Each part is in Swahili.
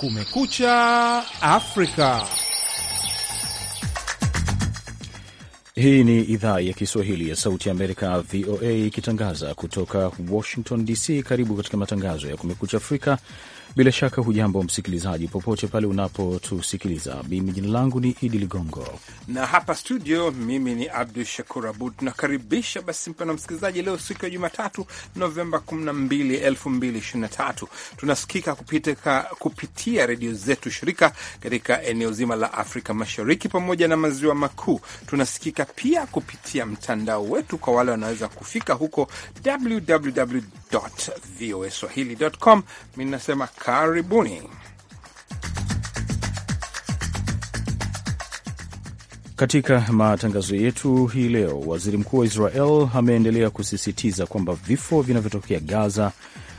Kumekucha Afrika. Hii ni idhaa ya Kiswahili ya Sauti ya Amerika, VOA, ikitangaza kutoka Washington DC. Karibu katika matangazo ya Kumekucha Afrika. Bila shaka hujambo msikilizaji, popote pale unapotusikiliza. Mimi jina langu ni Idi Ligongo na hapa studio mimi ni Abdu Shakur Abud. Tunakaribisha basi mpendwa msikilizaji, leo siku ya Jumatatu, Novemba 12, 2023. Tunasikika kupitika, kupitia redio zetu shirika katika eneo zima la Afrika Mashariki pamoja na maziwa makuu. Tunasikika pia kupitia mtandao wetu kwa wale wanaweza kufika huko www voa Mi nasema Karibuni. Katika matangazo yetu hii leo, waziri mkuu wa Israel ameendelea kusisitiza kwamba vifo vinavyotokea Gaza,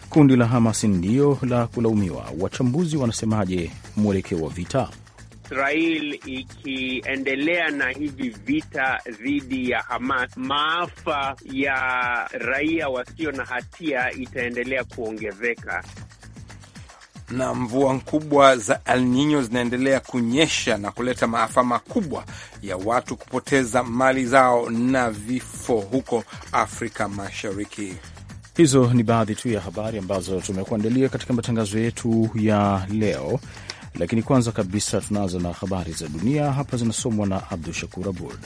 kundi la Hamas ndio la kulaumiwa. Wachambuzi wanasemaje mwelekeo wa vita? Israel ikiendelea na hivi vita dhidi ya Hamas, maafa ya raia wasio na hatia itaendelea kuongezeka na mvua kubwa za El Nino zinaendelea kunyesha na kuleta maafa makubwa ya watu kupoteza mali zao na vifo huko Afrika Mashariki. Hizo ni baadhi tu ya habari ambazo tumekuandalia katika matangazo yetu ya leo, lakini kwanza kabisa tunazo na habari za dunia. Hapa zinasomwa na Abdu Shakur Abud.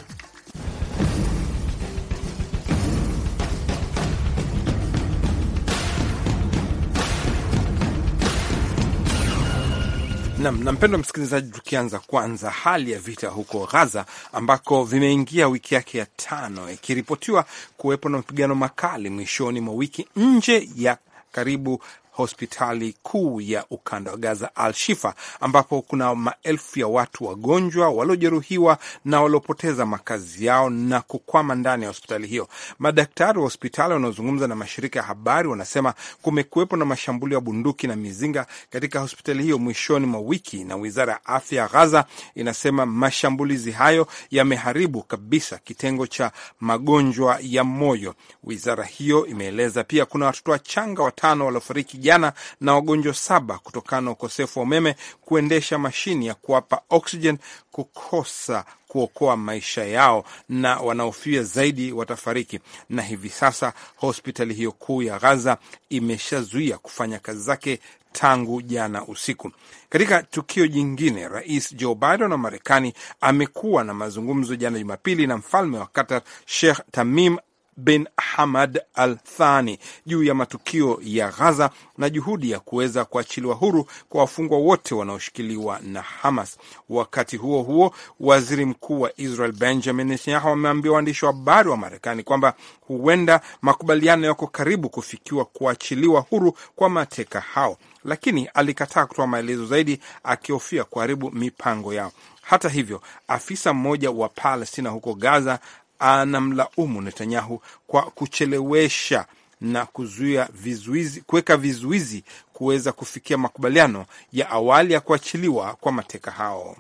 Nam na mpendwa msikilizaji, tukianza kwanza hali ya vita huko Gaza ambako vimeingia wiki yake ya tano, ikiripotiwa kuwepo na mapigano makali mwishoni mwa wiki nje ya karibu hospitali kuu ya ukanda wa Gaza, Al Shifa, ambapo kuna maelfu ya watu wagonjwa waliojeruhiwa na waliopoteza makazi yao na kukwama ndani ya hospitali hiyo. Madaktari wa hospitali wanaozungumza na mashirika ya habari wanasema kumekuwepo na mashambulio ya bunduki na mizinga katika hospitali hiyo mwishoni mwa wiki, na wizara ya afya ya Gaza inasema mashambulizi hayo yameharibu kabisa kitengo cha magonjwa ya moyo. Wizara hiyo imeeleza pia kuna watoto wachanga watano waliofariki vijana na wagonjwa saba kutokana na ukosefu wa umeme, kuendesha mashini ya kuwapa oksijeni kukosa kuokoa maisha yao, na wanaofia zaidi watafariki. Na hivi sasa hospitali hiyo kuu ya Gaza imeshazuia kufanya kazi zake tangu jana usiku. Katika tukio jingine, Rais Joe Biden wa Marekani amekuwa na mazungumzo jana Jumapili na mfalme wa Qatar Sheikh Tamim bin Hamad Al Thani juu ya matukio ya Ghaza na juhudi ya kuweza kuachiliwa huru kwa wafungwa wote wanaoshikiliwa na Hamas. Wakati huo huo, waziri mkuu wa Israel Benjamin Netanyahu ameambia waandishi wa habari wa Marekani kwamba huenda makubaliano yako karibu kufikiwa kuachiliwa huru kwa mateka hao, lakini alikataa kutoa maelezo zaidi, akihofia kuharibu mipango yao. Hata hivyo, afisa mmoja wa Palestina huko Gaza anamlaumu Netanyahu kwa kuchelewesha na kuzuia vizuizi, kuweka vizuizi kuweza kufikia makubaliano ya awali ya kuachiliwa kwa mateka hao.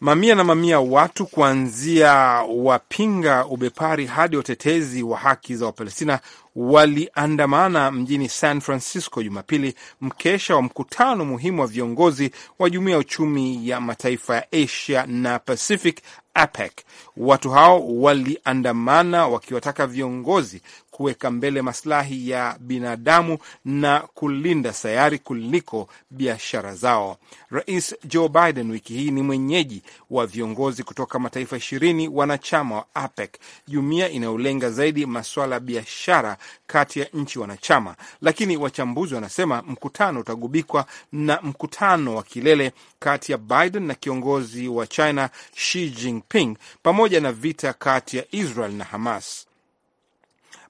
Mamia na mamia watu kuanzia wapinga ubepari hadi watetezi wa haki za Wapalestina waliandamana mjini San Francisco Jumapili, mkesha wa mkutano muhimu wa viongozi wa jumuia ya Uchumi ya Mataifa ya Asia na Pacific, APEC. Watu hao waliandamana wakiwataka viongozi kuweka mbele maslahi ya binadamu na kulinda sayari kuliko biashara zao. Rais Joe Biden wiki hii ni mwenyeji wa viongozi kutoka mataifa ishirini wanachama wa APEC, jumuiya inayolenga zaidi masuala ya biashara kati ya nchi wanachama, lakini wachambuzi wanasema mkutano utagubikwa na mkutano wa kilele kati ya Biden na kiongozi wa China Xi Jinping pamoja na vita kati ya Israel na Hamas.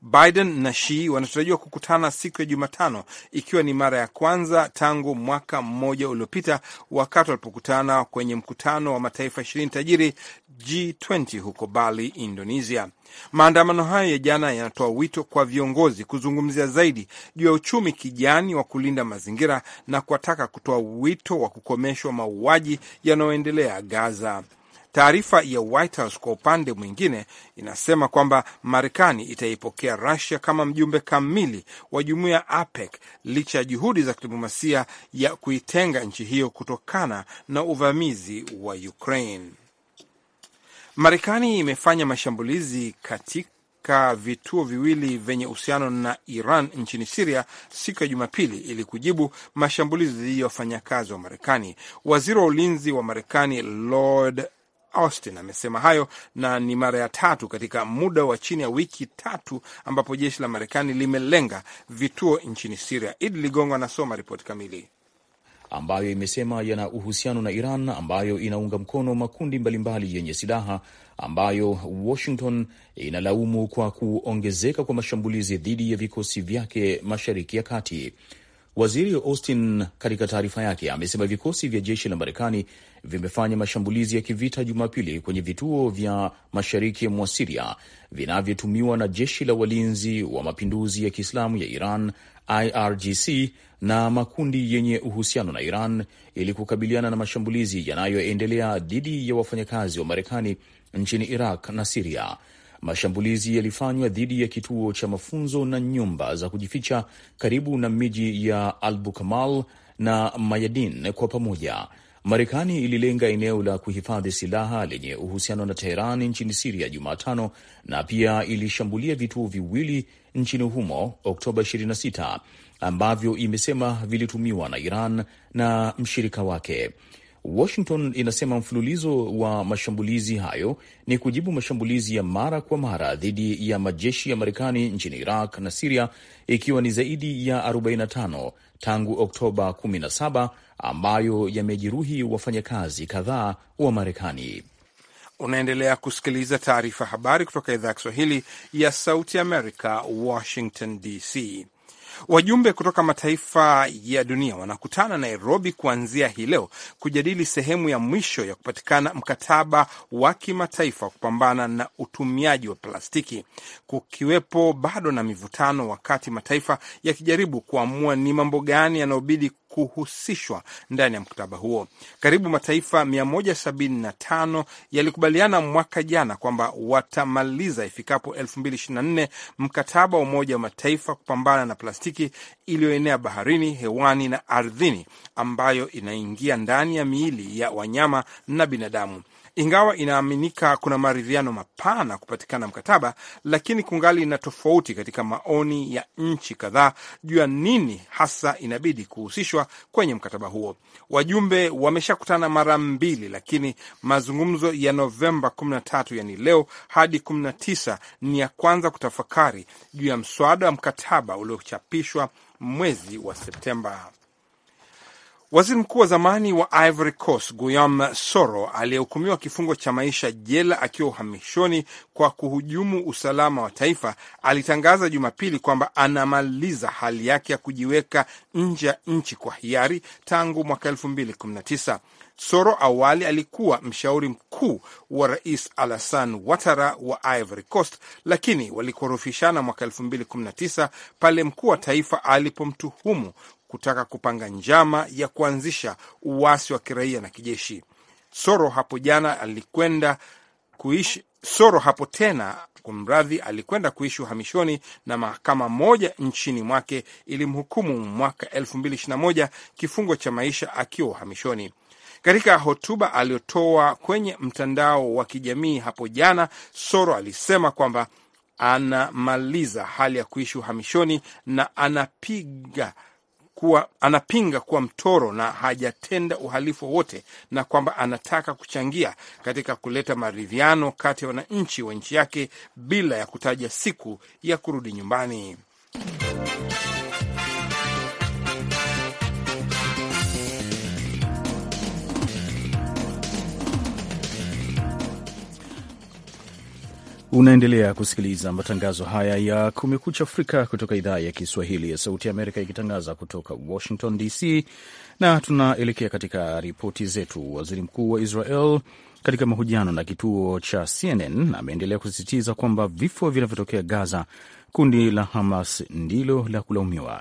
Biden na Xi wanatarajiwa kukutana siku ya Jumatano, ikiwa ni mara ya kwanza tangu mwaka mmoja uliopita wakati walipokutana kwenye mkutano wa mataifa ishirini tajiri G20 huko Bali, Indonesia. Maandamano hayo ya jana yanatoa wito kwa viongozi kuzungumzia zaidi juu ya uchumi kijani wa kulinda mazingira na kuwataka kutoa wito wa kukomeshwa mauaji yanayoendelea Gaza. Taarifa ya White House kwa upande mwingine inasema kwamba Marekani itaipokea rasia kama mjumbe kamili wa jumuiya ya APEC licha ya juhudi za kidiplomasia ya kuitenga nchi hiyo kutokana na uvamizi wa Ukraine. Marekani imefanya mashambulizi katika vituo viwili vyenye uhusiano na Iran nchini Siria siku ya Jumapili ili kujibu mashambulizi dhidi ya wafanyakazi wa Marekani. Waziri wa ulinzi wa Marekani Lord Austin amesema hayo na ni mara ya tatu katika muda wa chini ya wiki tatu ambapo jeshi la Marekani limelenga vituo nchini Siria. Idi Ligongo anasoma ripoti kamili ambayo imesema yana uhusiano na Iran ambayo inaunga mkono makundi mbalimbali yenye silaha ambayo Washington inalaumu kwa kuongezeka kwa mashambulizi dhidi ya vikosi vyake Mashariki ya Kati. Waziri Austin katika taarifa yake amesema vikosi vya jeshi la Marekani vimefanya mashambulizi ya kivita Jumapili kwenye vituo vya mashariki mwa Siria vinavyotumiwa na jeshi la walinzi wa mapinduzi ya Kiislamu ya Iran IRGC na makundi yenye uhusiano na Iran ili kukabiliana na mashambulizi yanayoendelea dhidi ya wafanyakazi wa Marekani nchini Iraq na Siria. Mashambulizi yalifanywa dhidi ya kituo cha mafunzo na nyumba za kujificha karibu na miji ya Albukamal na Mayadin kwa pamoja. Marekani ililenga eneo la kuhifadhi silaha lenye uhusiano na teheran nchini Siria Jumatano na pia ilishambulia vituo viwili nchini humo Oktoba 26 ambavyo imesema vilitumiwa na Iran na mshirika wake. Washington inasema mfululizo wa mashambulizi hayo ni kujibu mashambulizi ya mara kwa mara dhidi ya majeshi ya Marekani nchini Iraq na Siria, ikiwa ni zaidi ya 45 tangu Oktoba 17 ambayo yamejeruhi wafanyakazi kadhaa wa Marekani. Unaendelea kusikiliza taarifa habari kutoka idhaa ya Kiswahili ya Sauti Amerika, Washington DC. Wajumbe kutoka mataifa ya dunia wanakutana Nairobi kuanzia hii leo kujadili sehemu ya mwisho ya kupatikana mkataba wa kimataifa wa kupambana na utumiaji wa plastiki, kukiwepo bado na mivutano wakati mataifa yakijaribu kuamua ni mambo gani yanayobidi kuhusishwa ndani ya mkataba huo. Karibu mataifa 175 yalikubaliana mwaka jana kwamba watamaliza ifikapo 2024 mkataba wa Umoja wa Mataifa kupambana na plastiki iliyoenea baharini, hewani na ardhini, ambayo inaingia ndani ya miili ya wanyama na binadamu. Ingawa inaaminika kuna maridhiano mapana kupatikana mkataba, lakini kungali na tofauti katika maoni ya nchi kadhaa juu ya nini hasa inabidi kuhusishwa kwenye mkataba huo. Wajumbe wameshakutana mara mbili, lakini mazungumzo ya Novemba 13 yani leo hadi 19 ni ya kwanza kutafakari juu ya mswada wa mkataba uliochapishwa mwezi wa Septemba. Waziri mkuu wa zamani wa Ivory Coast Guillaume Soro aliyehukumiwa kifungo cha maisha jela akiwa uhamishoni kwa kuhujumu usalama wa taifa alitangaza Jumapili kwamba anamaliza hali yake ya kujiweka nje ya nchi kwa hiari tangu mwaka 2019. Soro awali alikuwa mshauri mkuu wa Rais Alassane Ouattara wa Ivory Coast, lakini walikorofishana mwaka 2019 pale mkuu wa taifa alipomtuhumu kutaka kupanga njama ya kuanzisha uasi wa kiraia na kijeshi. Soro hapo jana alikwenda kuishi Soro hapo tena, kumradhi, alikwenda kuishi uhamishoni na mahakama moja nchini mwake ilimhukumu mwaka 2021 kifungo cha maisha akiwa uhamishoni. Katika hotuba aliyotoa kwenye mtandao wa kijamii hapo jana, Soro alisema kwamba anamaliza hali ya kuishi uhamishoni na anapiga kuwa, anapinga kuwa mtoro na hajatenda uhalifu wowote, na kwamba anataka kuchangia katika kuleta maridhiano kati ya wananchi wa nchi yake bila ya kutaja siku ya kurudi nyumbani. Unaendelea kusikiliza matangazo haya ya Kumekucha Afrika kutoka idhaa ya Kiswahili ya Sauti ya Amerika ikitangaza kutoka Washington DC, na tunaelekea katika ripoti zetu. Waziri Mkuu wa Israel katika mahojiano na kituo cha CNN ameendelea kusisitiza kwamba vifo vinavyotokea Gaza, kundi la Hamas ndilo la kulaumiwa.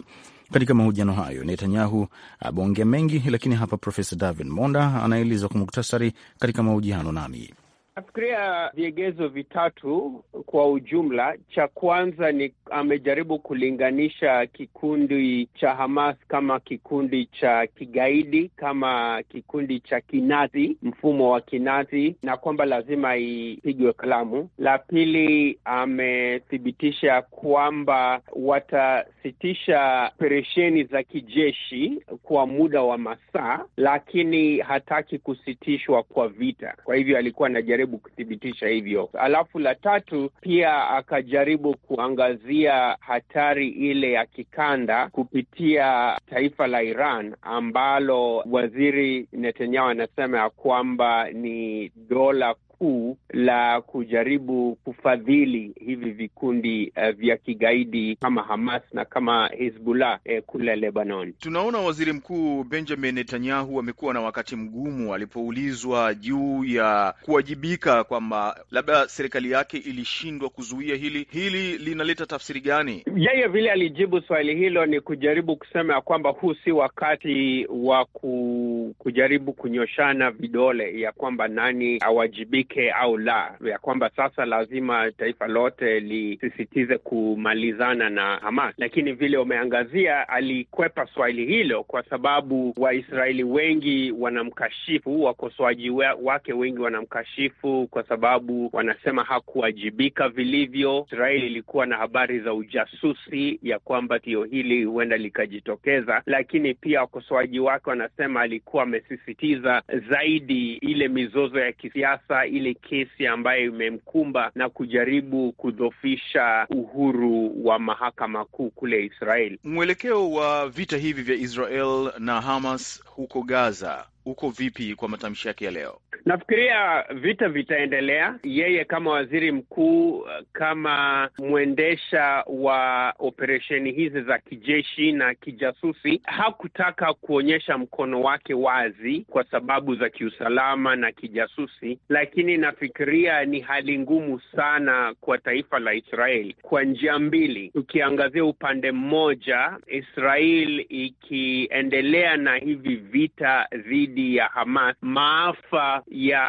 Katika mahojiano hayo Netanyahu ameongea mengi, lakini hapa Profesa David Monda anaeleza kwa muktasari katika mahojiano nami Nafikiria viegezo vitatu kwa ujumla. Cha kwanza ni amejaribu kulinganisha kikundi cha Hamas kama kikundi cha kigaidi, kama kikundi cha kinazi, mfumo wa kinazi, na kwamba lazima ipigwe kalamu. La pili, amethibitisha kwamba watasitisha operesheni za kijeshi kwa muda wa masaa, lakini hataki kusitishwa kwa vita. Kwa hivyo alikuwa anajaribu akajaribu kuthibitisha hivyo. Alafu la tatu pia akajaribu kuangazia hatari ile ya kikanda kupitia taifa la Iran ambalo waziri Netanyahu anasema ya kwamba ni dola kuu la kujaribu kufadhili hivi vikundi uh, vya kigaidi kama Hamas na kama Hizbullah eh, kule Lebanon. Tunaona Waziri Mkuu Benjamin Netanyahu amekuwa na wakati mgumu alipoulizwa juu ya kuwajibika kwamba labda serikali yake ilishindwa kuzuia hili. Hili linaleta tafsiri gani? Yeye vile alijibu swali hilo ni kujaribu kusema ya kwamba huu si wakati wa ku kujaribu kunyoshana vidole ya kwamba nani awajibike au la, ya kwamba sasa lazima taifa lote lisisitize kumalizana na Hamas. Lakini vile umeangazia, alikwepa swali hilo kwa sababu Waisraeli wengi wanamkashifu, wakosoaji wake wengi wanamkashifu kwa sababu wanasema hakuwajibika vilivyo. Israeli ilikuwa na habari za ujasusi ya kwamba tio hili huenda likajitokeza, lakini pia wakosoaji wake wanasema alikuwa amekuwa amesisitiza zaidi ile mizozo ya kisiasa, ile kesi ambayo imemkumba na kujaribu kudhofisha uhuru wa mahakama kuu kule Israel. Mwelekeo wa vita hivi vya Israel na Hamas huko Gaza uko vipi kwa matamshi yake ya leo? Nafikiria vita vitaendelea. Yeye kama waziri mkuu, kama mwendesha wa operesheni hizi za kijeshi na kijasusi, hakutaka kuonyesha mkono wake wazi kwa sababu za kiusalama na kijasusi, lakini nafikiria ni hali ngumu sana kwa taifa la israel kwa njia mbili. Tukiangazia upande mmoja, israel ikiendelea na hivi vita dhidi dhidi ya Hamas, maafa ya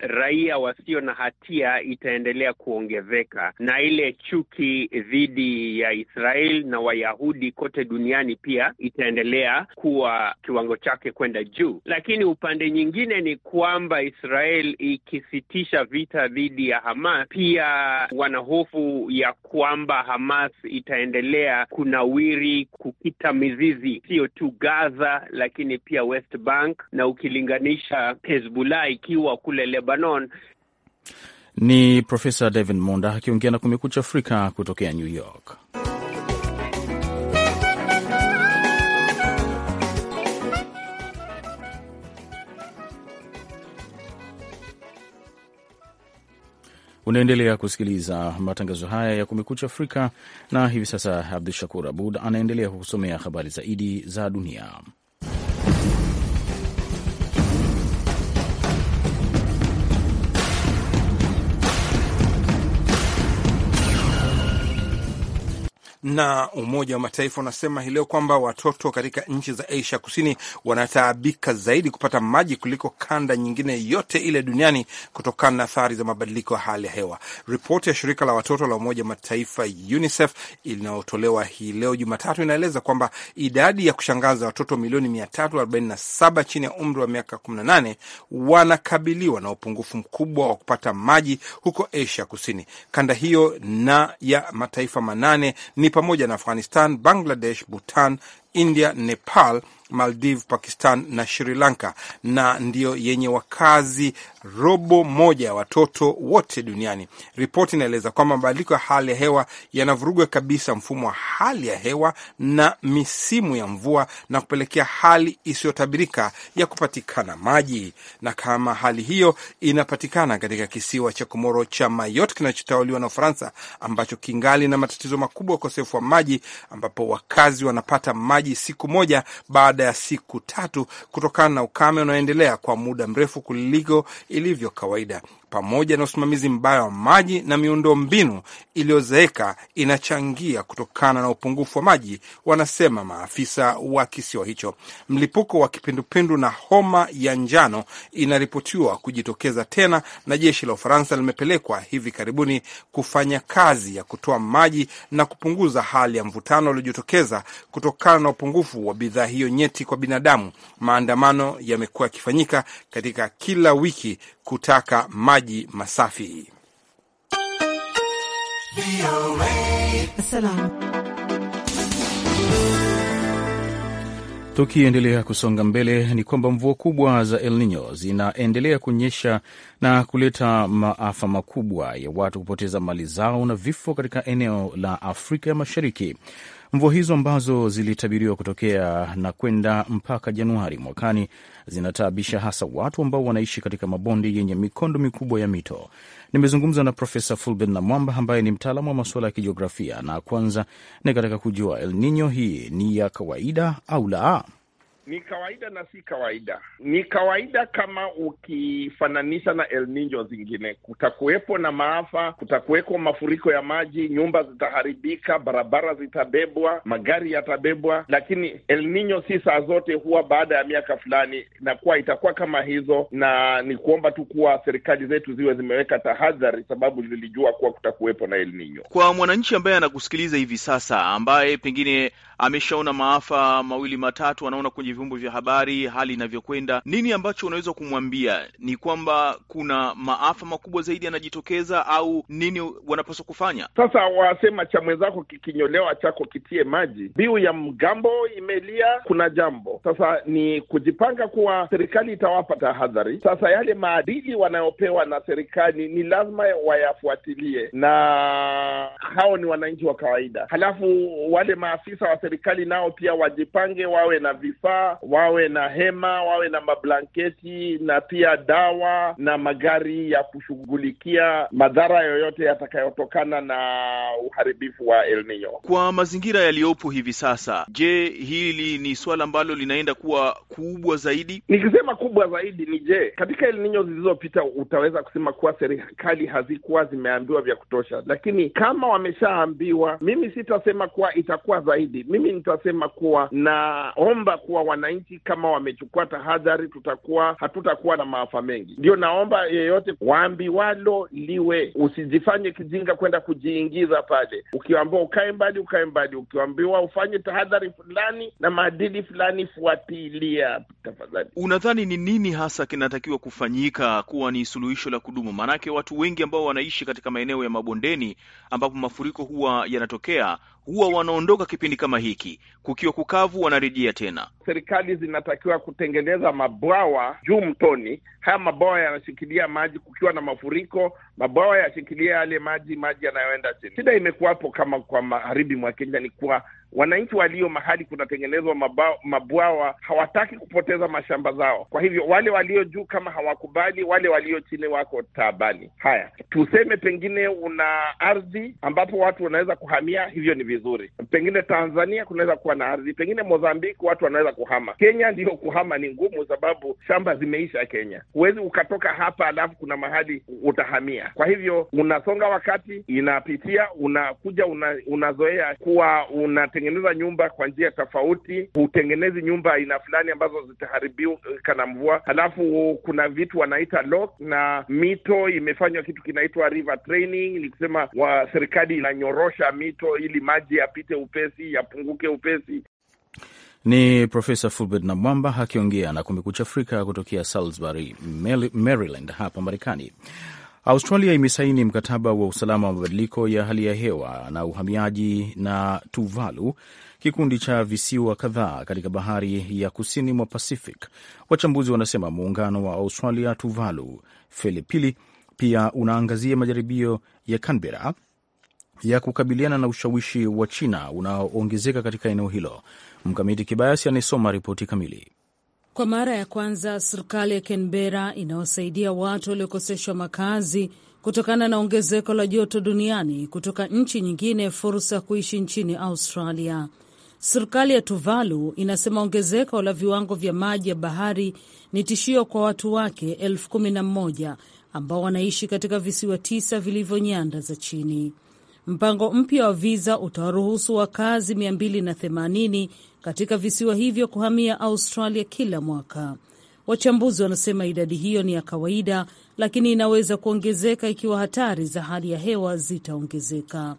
raia wasio na hatia itaendelea kuongezeka, na ile chuki dhidi ya Israel na Wayahudi kote duniani pia itaendelea kuwa kiwango chake kwenda juu. Lakini upande nyingine ni kwamba Israel ikisitisha vita dhidi ya Hamas, pia wana hofu ya kwamba Hamas itaendelea kunawiri, kukita mizizi sio tu Gaza, lakini pia West Bank na ukilinganisha Hezbollah ikiwa kule Lebanon. Ni Profesa David Monda akiongea na Kumekucha Afrika kutokea New York. Unaendelea kusikiliza matangazo haya ya Kumekucha Afrika, na hivi sasa Abdu Shakur Abud anaendelea kukusomea habari zaidi za dunia. Na Umoja wa Mataifa unasema hii leo kwamba watoto katika nchi za Asia Kusini wanataabika zaidi kupata maji kuliko kanda nyingine yote ile duniani kutokana na athari za mabadiliko ya hali ya hewa. Ripoti ya shirika la watoto la Umoja wa Mataifa UNICEF inayotolewa hii leo Jumatatu inaeleza kwamba idadi ya kushangaza watoto milioni 347 chini ya umri wa miaka 18 wanakabiliwa na upungufu mkubwa wa kupata maji huko Asia Kusini. Kanda hiyo na ya mataifa manane ni pamoja pamoja na Afghanistan, Bangladesh, Bhutan, India, Nepal Maldives, Pakistan na Sri Lanka, na ndiyo yenye wakazi robo moja ya watoto wote duniani. Ripoti inaeleza kwamba mabadiliko ya hali ya hewa yanavuruga kabisa mfumo wa hali ya hewa na misimu ya mvua na kupelekea hali isiyotabirika ya kupatikana maji, na kama hali hiyo inapatikana katika kisiwa cha Komoro cha Mayotte kinachotawaliwa na Ufaransa, ambacho kingali na matatizo makubwa ya ukosefu wa maji, ambapo wakazi wanapata maji siku moja baada baada ya siku tatu kutokana na ukame unaoendelea kwa muda mrefu kuliko ilivyo kawaida pamoja na usimamizi mbaya wa maji na miundo mbinu iliyozeeka inachangia kutokana na upungufu wa maji, wanasema maafisa wa kisiwa hicho. Mlipuko wa kipindupindu na homa ya njano inaripotiwa kujitokeza tena, na jeshi la Ufaransa limepelekwa hivi karibuni kufanya kazi ya kutoa maji na kupunguza hali ya mvutano uliojitokeza kutokana na upungufu wa bidhaa hiyo nyeti kwa binadamu. Maandamano yamekuwa yakifanyika katika kila wiki kutaka maji maji masafi. Tukiendelea kusonga mbele ni kwamba mvua kubwa za El Nino zinaendelea kunyesha na kuleta maafa makubwa ya watu kupoteza mali zao na vifo katika eneo la Afrika ya Mashariki. Mvua hizo ambazo zilitabiriwa kutokea na kwenda mpaka Januari mwakani zinataabisha hasa watu ambao wanaishi katika mabonde yenye mikondo mikubwa ya mito. Nimezungumza na Profesa Fulben na Mwamba ambaye ni mtaalamu wa masuala ya kijiografia, na kwanza ni katika kujua El Nino hii ni ya kawaida au la. Ni kawaida na si kawaida. Ni kawaida kama ukifananisha na El Nino zingine, kutakuwepo na maafa, kutakuweko mafuriko ya maji, nyumba zitaharibika, barabara zitabebwa, magari yatabebwa. Lakini El Nino si saa zote, huwa baada ya miaka fulani inakuwa itakuwa kama hizo, na ni kuomba tu kuwa serikali zetu ziwe zimeweka tahadhari, sababu zilijua kuwa kutakuwepo na El Nino. Kwa mwananchi ambaye anakusikiliza hivi sasa, ambaye pengine ameshaona maafa mawili matatu, anaona kwenye vyombo vya habari hali inavyokwenda. Nini ambacho unaweza kumwambia ni kwamba kuna maafa makubwa zaidi yanajitokeza, au nini wanapaswa kufanya? Sasa wasema cha mwenzako kikinyolewa chako kitie maji, mbiu ya mgambo imelia. Kuna jambo sasa ni kujipanga kuwa serikali itawapa tahadhari. Sasa yale maadili wanayopewa na serikali ni lazima wayafuatilie, na hao ni wananchi wa kawaida. Halafu wale maafisa wa serikali nao pia wajipange, wawe na vifaa, wawe na hema, wawe na mablanketi na pia dawa na magari ya kushughulikia madhara yoyote yatakayotokana na uharibifu wa El Nino kwa mazingira yaliyopo hivi sasa. Je, hili ni swala ambalo linaenda kuwa kubwa zaidi? Nikisema kubwa zaidi ni je, katika El Nino zilizopita utaweza kusema kuwa serikali hazikuwa zimeambiwa vya kutosha, lakini kama wameshaambiwa, mimi sitasema kuwa itakuwa zaidi mimi nitasema kuwa naomba kuwa wananchi kama wamechukua tahadhari, tutakuwa hatutakuwa na maafa mengi. Ndio naomba yeyote waambiwalo liwe, usijifanye kijinga kwenda kujiingiza pale. Ukiambiwa ukae mbali, ukae mbali. Ukiambiwa ufanye tahadhari fulani na maadili fulani, fuatilia tafadhali. Unadhani ni nini hasa kinatakiwa kufanyika kuwa ni suluhisho la kudumu? Maanake watu wengi ambao wanaishi katika maeneo ya mabondeni ambapo mafuriko huwa yanatokea huwa wanaondoka kipindi kama hiki, kukiwa kukavu, wanarejea tena. Serikali zinatakiwa kutengeneza mabwawa juu mtoni. Haya mabwawa yanashikilia maji, kukiwa na mafuriko, mabwawa yashikilia yale maji, maji yanayoenda chini. Shida imekuwapo kama kwa magharibi mwa Kenya ni kuwa wananchi walio mahali kunatengenezwa mabwawa hawataki kupoteza mashamba zao. Kwa hivyo wale walio juu kama hawakubali, wale walio chini wako taabani. Haya, tuseme pengine una ardhi ambapo watu wanaweza kuhamia, hivyo ni vizuri. Pengine Tanzania kunaweza kuwa na ardhi, pengine Mozambiki watu wanaweza kuhama. Kenya ndiyo kuhama ni ngumu, sababu shamba zimeisha Kenya. Huwezi ukatoka hapa alafu kuna mahali utahamia. Kwa hivyo unasonga, wakati inapitia, unakuja, unazoea, una kuwa una kutengeneza nyumba kwa njia tofauti, hutengenezi nyumba aina fulani ambazo zitaharibika na mvua. Halafu kuna vitu wanaita lock, na mito imefanywa kitu kinaitwa river training, ni kusema wa serikali inanyorosha mito ili maji yapite upesi, yapunguke upesi. Ni Profesa Fulbert Namwamba akiongea na Kumekucha Afrika kutokea Salisbury, Maryland hapa Marekani. Australia imesaini mkataba wa usalama wa mabadiliko ya hali ya hewa na uhamiaji na Tuvalu, kikundi cha visiwa kadhaa katika bahari ya kusini mwa Pacific. Wachambuzi wanasema muungano wa Australia Tuvalu Filipili pia unaangazia majaribio ya Canberra ya kukabiliana na ushawishi wa China unaoongezeka katika eneo hilo. Mkamiti Kibayasi anayesoma ripoti kamili. Kwa mara ya kwanza, serikali ya Canberra inawasaidia watu waliokoseshwa makazi kutokana na ongezeko la joto duniani kutoka nchi nyingine fursa ya kuishi nchini Australia. Serikali ya Tuvalu inasema ongezeko la viwango vya maji ya bahari ni tishio kwa watu wake elfu kumi na ambao wanaishi katika visiwa tisa vilivyo nyanda za chini. Mpango mpya wa viza utawaruhusu wakazi 280 katika visiwa hivyo kuhamia Australia kila mwaka. Wachambuzi wanasema idadi hiyo ni ya kawaida, lakini inaweza kuongezeka ikiwa hatari za hali ya hewa zitaongezeka.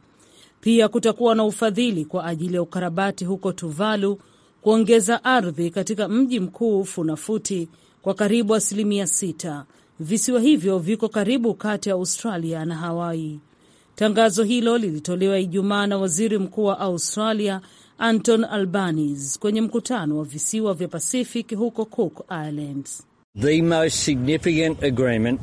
Pia kutakuwa na ufadhili kwa ajili ya ukarabati huko Tuvalu, kuongeza ardhi katika mji mkuu Funafuti kwa karibu asilimia sita. Visiwa hivyo viko karibu kati ya Australia na Hawaii. Tangazo hilo lilitolewa Ijumaa na waziri mkuu wa Australia Anton Albanese kwenye mkutano wa visiwa vya Pacific huko Cook Islands. The most significant agreement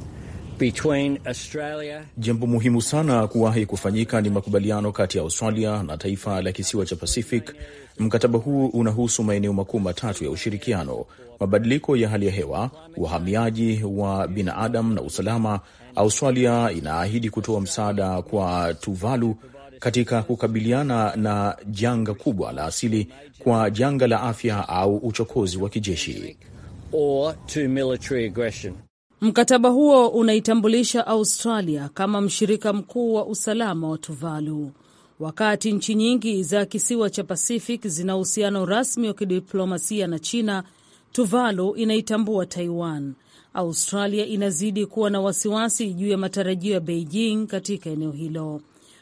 Jambo muhimu sana kuwahi kufanyika ni makubaliano kati ya Australia na taifa la kisiwa cha Pacific. Mkataba huu unahusu maeneo makuu matatu ya ushirikiano: mabadiliko ya hali ya hewa, uhamiaji wa binadamu na usalama. Australia inaahidi kutoa msaada kwa Tuvalu katika kukabiliana na janga kubwa la asili, kwa janga la afya au uchokozi wa kijeshi. Mkataba huo unaitambulisha Australia kama mshirika mkuu wa usalama wa Tuvalu. Wakati nchi nyingi za kisiwa cha Pacific zina uhusiano rasmi wa kidiplomasia na China, Tuvalu inaitambua Taiwan. Australia inazidi kuwa na wasiwasi juu ya matarajio ya Beijing katika eneo hilo.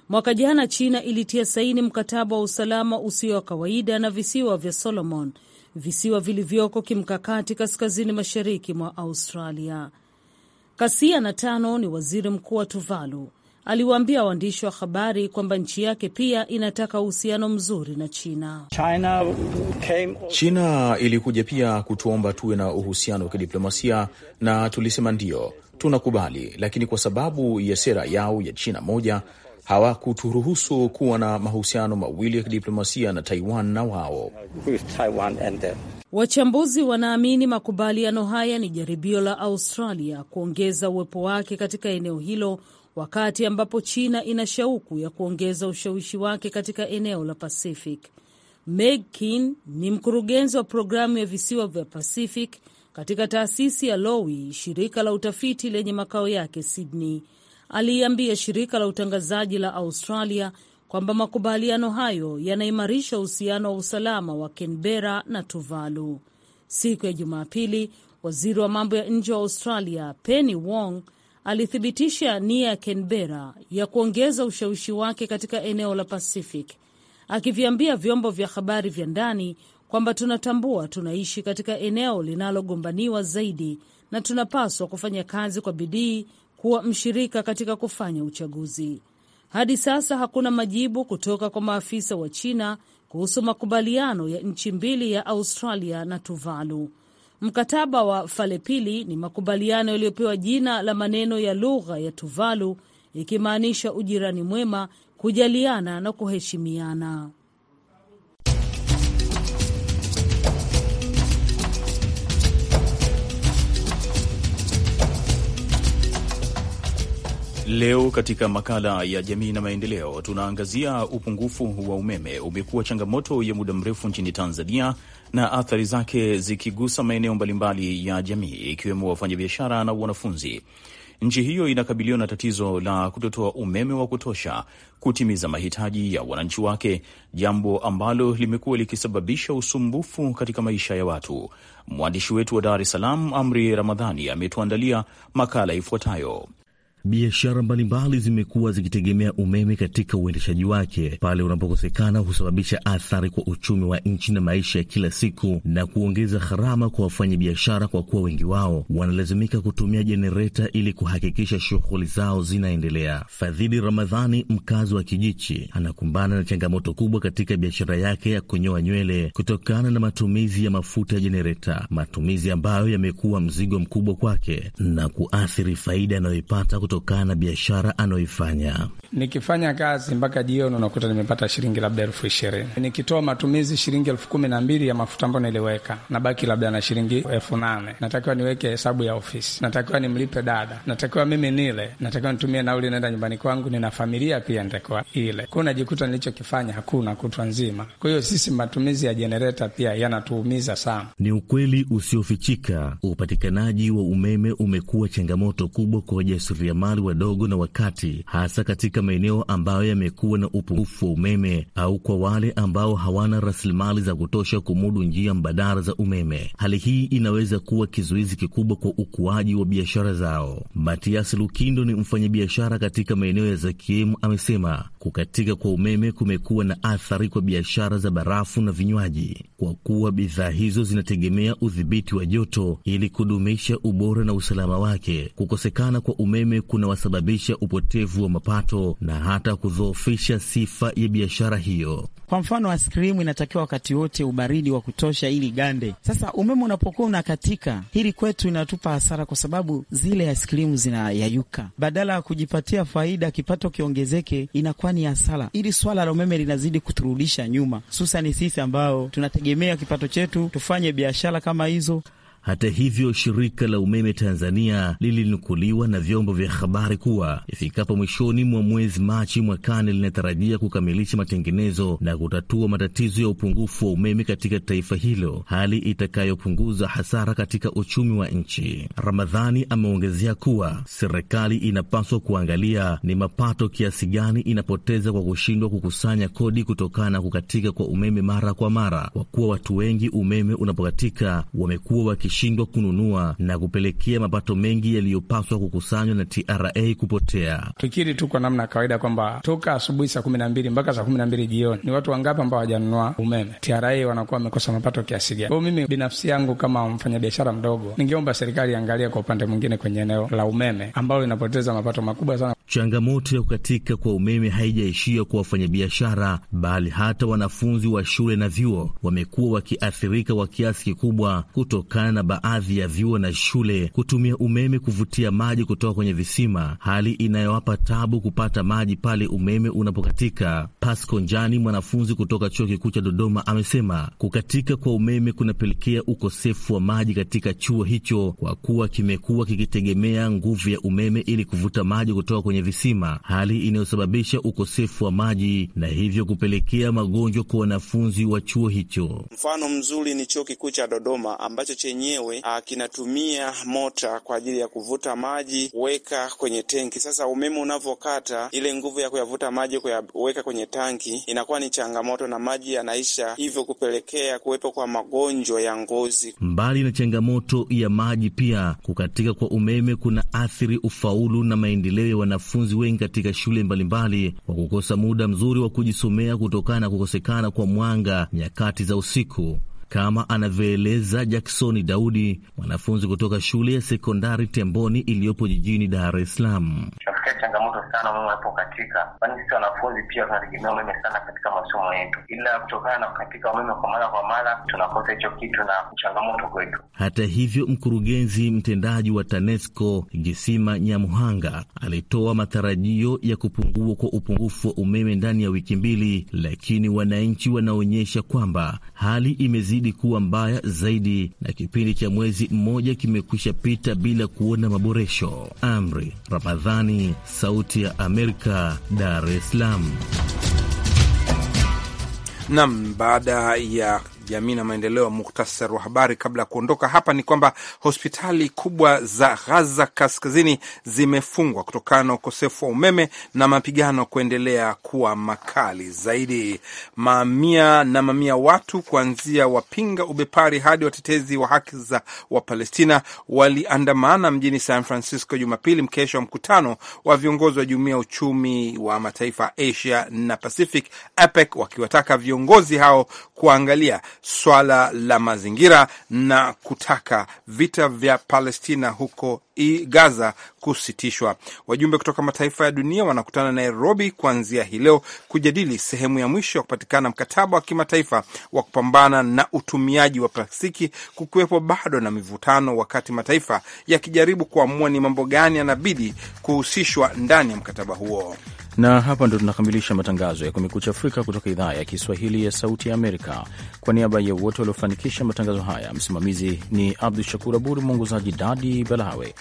Mwaka jana China ilitia saini mkataba wa usalama usio wa kawaida na visiwa vya Solomon, visiwa vilivyoko kimkakati kaskazini mashariki mwa Australia. Kasia na tano ni waziri mkuu wa Tuvalu aliwaambia waandishi wa habari kwamba nchi yake pia inataka uhusiano mzuri na China. China, came... China ilikuja pia kutuomba tuwe na uhusiano wa kidiplomasia na tulisema ndio tunakubali, lakini kwa sababu ya sera yao ya China moja hawakuturuhusu kuwa na mahusiano mawili ya kidiplomasia na Taiwan na wao. Wachambuzi wanaamini makubaliano haya ni jaribio la Australia kuongeza uwepo wake katika eneo hilo wakati ambapo China ina shauku ya kuongeza ushawishi wake katika eneo la Pacific. Meg Kin ni mkurugenzi wa programu ya visiwa vya Pacific katika taasisi ya Lowy, shirika la utafiti lenye makao yake Sydney aliiambia shirika la utangazaji la Australia kwamba makubaliano hayo yanaimarisha uhusiano wa usalama wa Canberra na Tuvalu. Siku ya Jumapili, waziri wa mambo ya nje wa Australia Penny Wong alithibitisha nia ya Canberra ya kuongeza ushawishi wake katika eneo la Pacific, akiviambia vyombo vya habari vya ndani kwamba tunatambua tunaishi katika eneo linalogombaniwa zaidi na tunapaswa kufanya kazi kwa bidii kuwa mshirika katika kufanya uchaguzi. Hadi sasa hakuna majibu kutoka kwa maafisa wa China kuhusu makubaliano ya nchi mbili ya Australia na Tuvalu. Mkataba wa Falepili ni makubaliano yaliyopewa jina la maneno ya lugha ya Tuvalu ikimaanisha ujirani mwema, kujaliana na kuheshimiana. Leo katika makala ya jamii na maendeleo tunaangazia upungufu wa umeme umekuwa changamoto ya muda mrefu nchini Tanzania na athari zake zikigusa maeneo mbalimbali ya jamii ikiwemo wafanyabiashara na wanafunzi. Nchi hiyo inakabiliwa na tatizo la kutotoa umeme wa kutosha kutimiza mahitaji ya wananchi wake, jambo ambalo limekuwa likisababisha usumbufu katika maisha ya watu. Mwandishi wetu wa Dar es Salaam, Amri Ramadhani, ametuandalia makala ifuatayo. Biashara mbalimbali zimekuwa zikitegemea umeme katika uendeshaji wake. Pale unapokosekana husababisha athari kwa uchumi wa nchi na maisha ya kila siku na kuongeza gharama kwa wafanyabiashara, kwa kuwa wengi wao wanalazimika kutumia jenereta ili kuhakikisha shughuli zao zinaendelea. Fadhili Ramadhani, mkazi wa Kijichi, anakumbana na changamoto kubwa katika biashara yake ya kunyoa nywele kutokana na matumizi ya mafuta ya jenereta, matumizi ambayo yamekuwa mzigo mkubwa kwake na kuathiri faida anayoipata kutokana na biashara anayoifanya. Nikifanya kazi mpaka jioni, unakuta nimepata shilingi labda elfu ishirini nikitoa matumizi shilingi elfu kumi na mbili ya mafuta ambayo niliweka, nabaki labda na shilingi elfu nane Natakiwa niweke hesabu ya ofisi, natakiwa nimlipe dada, natakiwa mimi nile, natakiwa nitumie nauli naenda nyumbani kwangu, nina familia pia ntakiwa ile kwao. Najikuta nilichokifanya hakuna kutwa nzima. Kwa hiyo sisi matumizi ya jenereta pia yanatuumiza sana. Ni ukweli usiofichika, upatikanaji wa umeme umekuwa changamoto kubwa kwa wajasiriamali wajasiriamali wadogo na wakati, hasa katika maeneo ambayo yamekuwa na upungufu wa umeme au kwa wale ambao hawana rasilimali za kutosha kumudu njia mbadala za umeme. Hali hii inaweza kuwa kizuizi kikubwa kwa ukuaji wa biashara zao. Matias Lukindo ni mfanyabiashara katika maeneo ya Zakiem, amesema kukatika kwa umeme kumekuwa na athari kwa biashara za barafu na vinywaji, kwa kuwa bidhaa hizo zinategemea udhibiti wa joto ili kudumisha ubora na usalama wake. Kukosekana kwa umeme kunawasababisha upotevu wa mapato na hata kudhoofisha sifa ya biashara hiyo. Kwa mfano, askrimu inatakiwa wakati wote ubaridi wa kutosha ili gande. Sasa umeme unapokuwa unakatika, hili kwetu inatupa hasara, kwa sababu zile askrimu zinayayuka. Badala ya kujipatia faida, kipato kiongezeke, inakuwa ni hasara. ili swala la umeme linazidi kuturudisha nyuma, hususani sisi ambao tunategemea kipato chetu tufanye biashara kama hizo. Hata hivyo, shirika la umeme Tanzania lilinukuliwa na vyombo vya habari kuwa ifikapo mwishoni mwa mwezi Machi mwakani linatarajia kukamilisha matengenezo na kutatua matatizo ya upungufu wa umeme katika taifa hilo, hali itakayopunguza hasara katika uchumi wa nchi. Ramadhani ameongezea kuwa serikali inapaswa kuangalia ni mapato kiasi gani inapoteza kwa kushindwa kukusanya kodi kutokana na kukatika kwa umeme mara kwa mara, kwa kuwa watu wengi umeme unapokatika wamekuwa waki zilishindwa kununua na kupelekea mapato mengi yaliyopaswa kukusanywa na TRA kupotea. Fikiri tu kwa namna ya kawaida kwamba toka asubuhi saa kumi na mbili mpaka saa kumi na mbili jioni ni watu wangapi ambao hawajanunua umeme? TRA wanakuwa wamekosa mapato kiasi gani? Kwao mimi binafsi yangu kama mfanyabiashara mdogo, ningeomba serikali iangalie kwa upande mwingine kwenye eneo la umeme ambalo linapoteza mapato makubwa sana. Changamoto ya kukatika kwa umeme haijaishia kwa wafanyabiashara, bali hata wanafunzi wa shule na vyuo wamekuwa wakiathirika kwa kiasi kikubwa, kutokana na baadhi ya vyuo na shule kutumia umeme kuvutia maji kutoka kwenye visima, hali inayowapa tabu kupata maji pale umeme unapokatika. Pasco Njani, mwanafunzi kutoka chuo kikuu cha Dodoma, amesema kukatika kwa umeme kunapelekea ukosefu wa maji katika chuo hicho, kwa kuwa kimekuwa kikitegemea nguvu ya umeme ili kuvuta maji kutoka kwenye kwenye visima, hali inayosababisha ukosefu wa maji na hivyo kupelekea magonjwa kwa wanafunzi wa chuo hicho. Mfano mzuri ni chuo kikuu cha Dodoma ambacho chenyewe a, ah, kinatumia mota kwa ajili ya kuvuta maji weka kwenye tenki. Sasa umeme unavyokata, ile nguvu ya kuyavuta maji kuyaweka kwenye tanki inakuwa ni changamoto, na maji yanaisha, hivyo kupelekea kuwepo kwa magonjwa ya ngozi. Mbali na changamoto ya maji, pia kukatika kwa umeme kuna athiri ufaulu na maendeleo ya wanafunzi wanafunzi wengi katika shule mbalimbali kwa kukosa muda mzuri wa kujisomea kutokana na kukosekana kwa mwanga nyakati za usiku kama anavyoeleza Jacksoni Daudi, mwanafunzi kutoka shule ya sekondari Temboni iliyopo jijini Dar es Salaam tunasikia changamoto sana umeme katika, kwani sisi wanafunzi pia tunategemea umeme sana katika masomo yetu, ila kutokana na kukatika umeme kwa mara kwa mara tunakosa hicho kitu na changamoto kwetu. Hata hivyo, mkurugenzi mtendaji wa TANESCO Gisima Nyamuhanga alitoa matarajio ya kupungua kwa upungufu wa umeme ndani ya wiki mbili, lakini wananchi wanaonyesha kwamba hali imezidi kuwa mbaya zaidi na kipindi cha mwezi mmoja kimekwisha pita bila kuona maboresho. Amri Ramadhani, Sauti ya Amerika, Dar es Salaam. Nam, baada ya jamii na maendeleo. Muktasar wa habari kabla ya kuondoka hapa ni kwamba hospitali kubwa za Ghaza kaskazini zimefungwa kutokana na ukosefu wa umeme na mapigano kuendelea kuwa makali zaidi. Mamia na mamia watu kuanzia wapinga ubepari hadi watetezi wa haki za Wapalestina waliandamana mjini San Francisco Jumapili, mkesha wa mkutano wa viongozi wa jumuiya ya uchumi wa mataifa Asia na Pacific, APEC, wakiwataka viongozi hao kuangalia swala la mazingira na kutaka vita vya Palestina huko Gaza kusitishwa. Wajumbe kutoka mataifa ya dunia wanakutana Nairobi kuanzia hii leo kujadili sehemu ya mwisho ya kupatikana mkataba wa kimataifa wa kupambana na utumiaji wa plastiki, kukiwepo bado na mivutano, wakati mataifa yakijaribu kuamua ni mambo gani yanabidi kuhusishwa ndani ya mkataba huo. Na hapa ndo tunakamilisha matangazo ya Kumekucha Afrika kutoka idhaa ya Kiswahili ya Sauti ya Amerika. Kwa niaba ya wote waliofanikisha matangazo haya, msimamizi ni Abdu Shakur Abud, mwongozaji Dadi Balawe.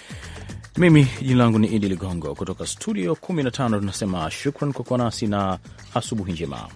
Mimi jina langu ni Idi Ligongo kutoka studio 15, tunasema shukran kwa kuwa nasi na asubuhi njema.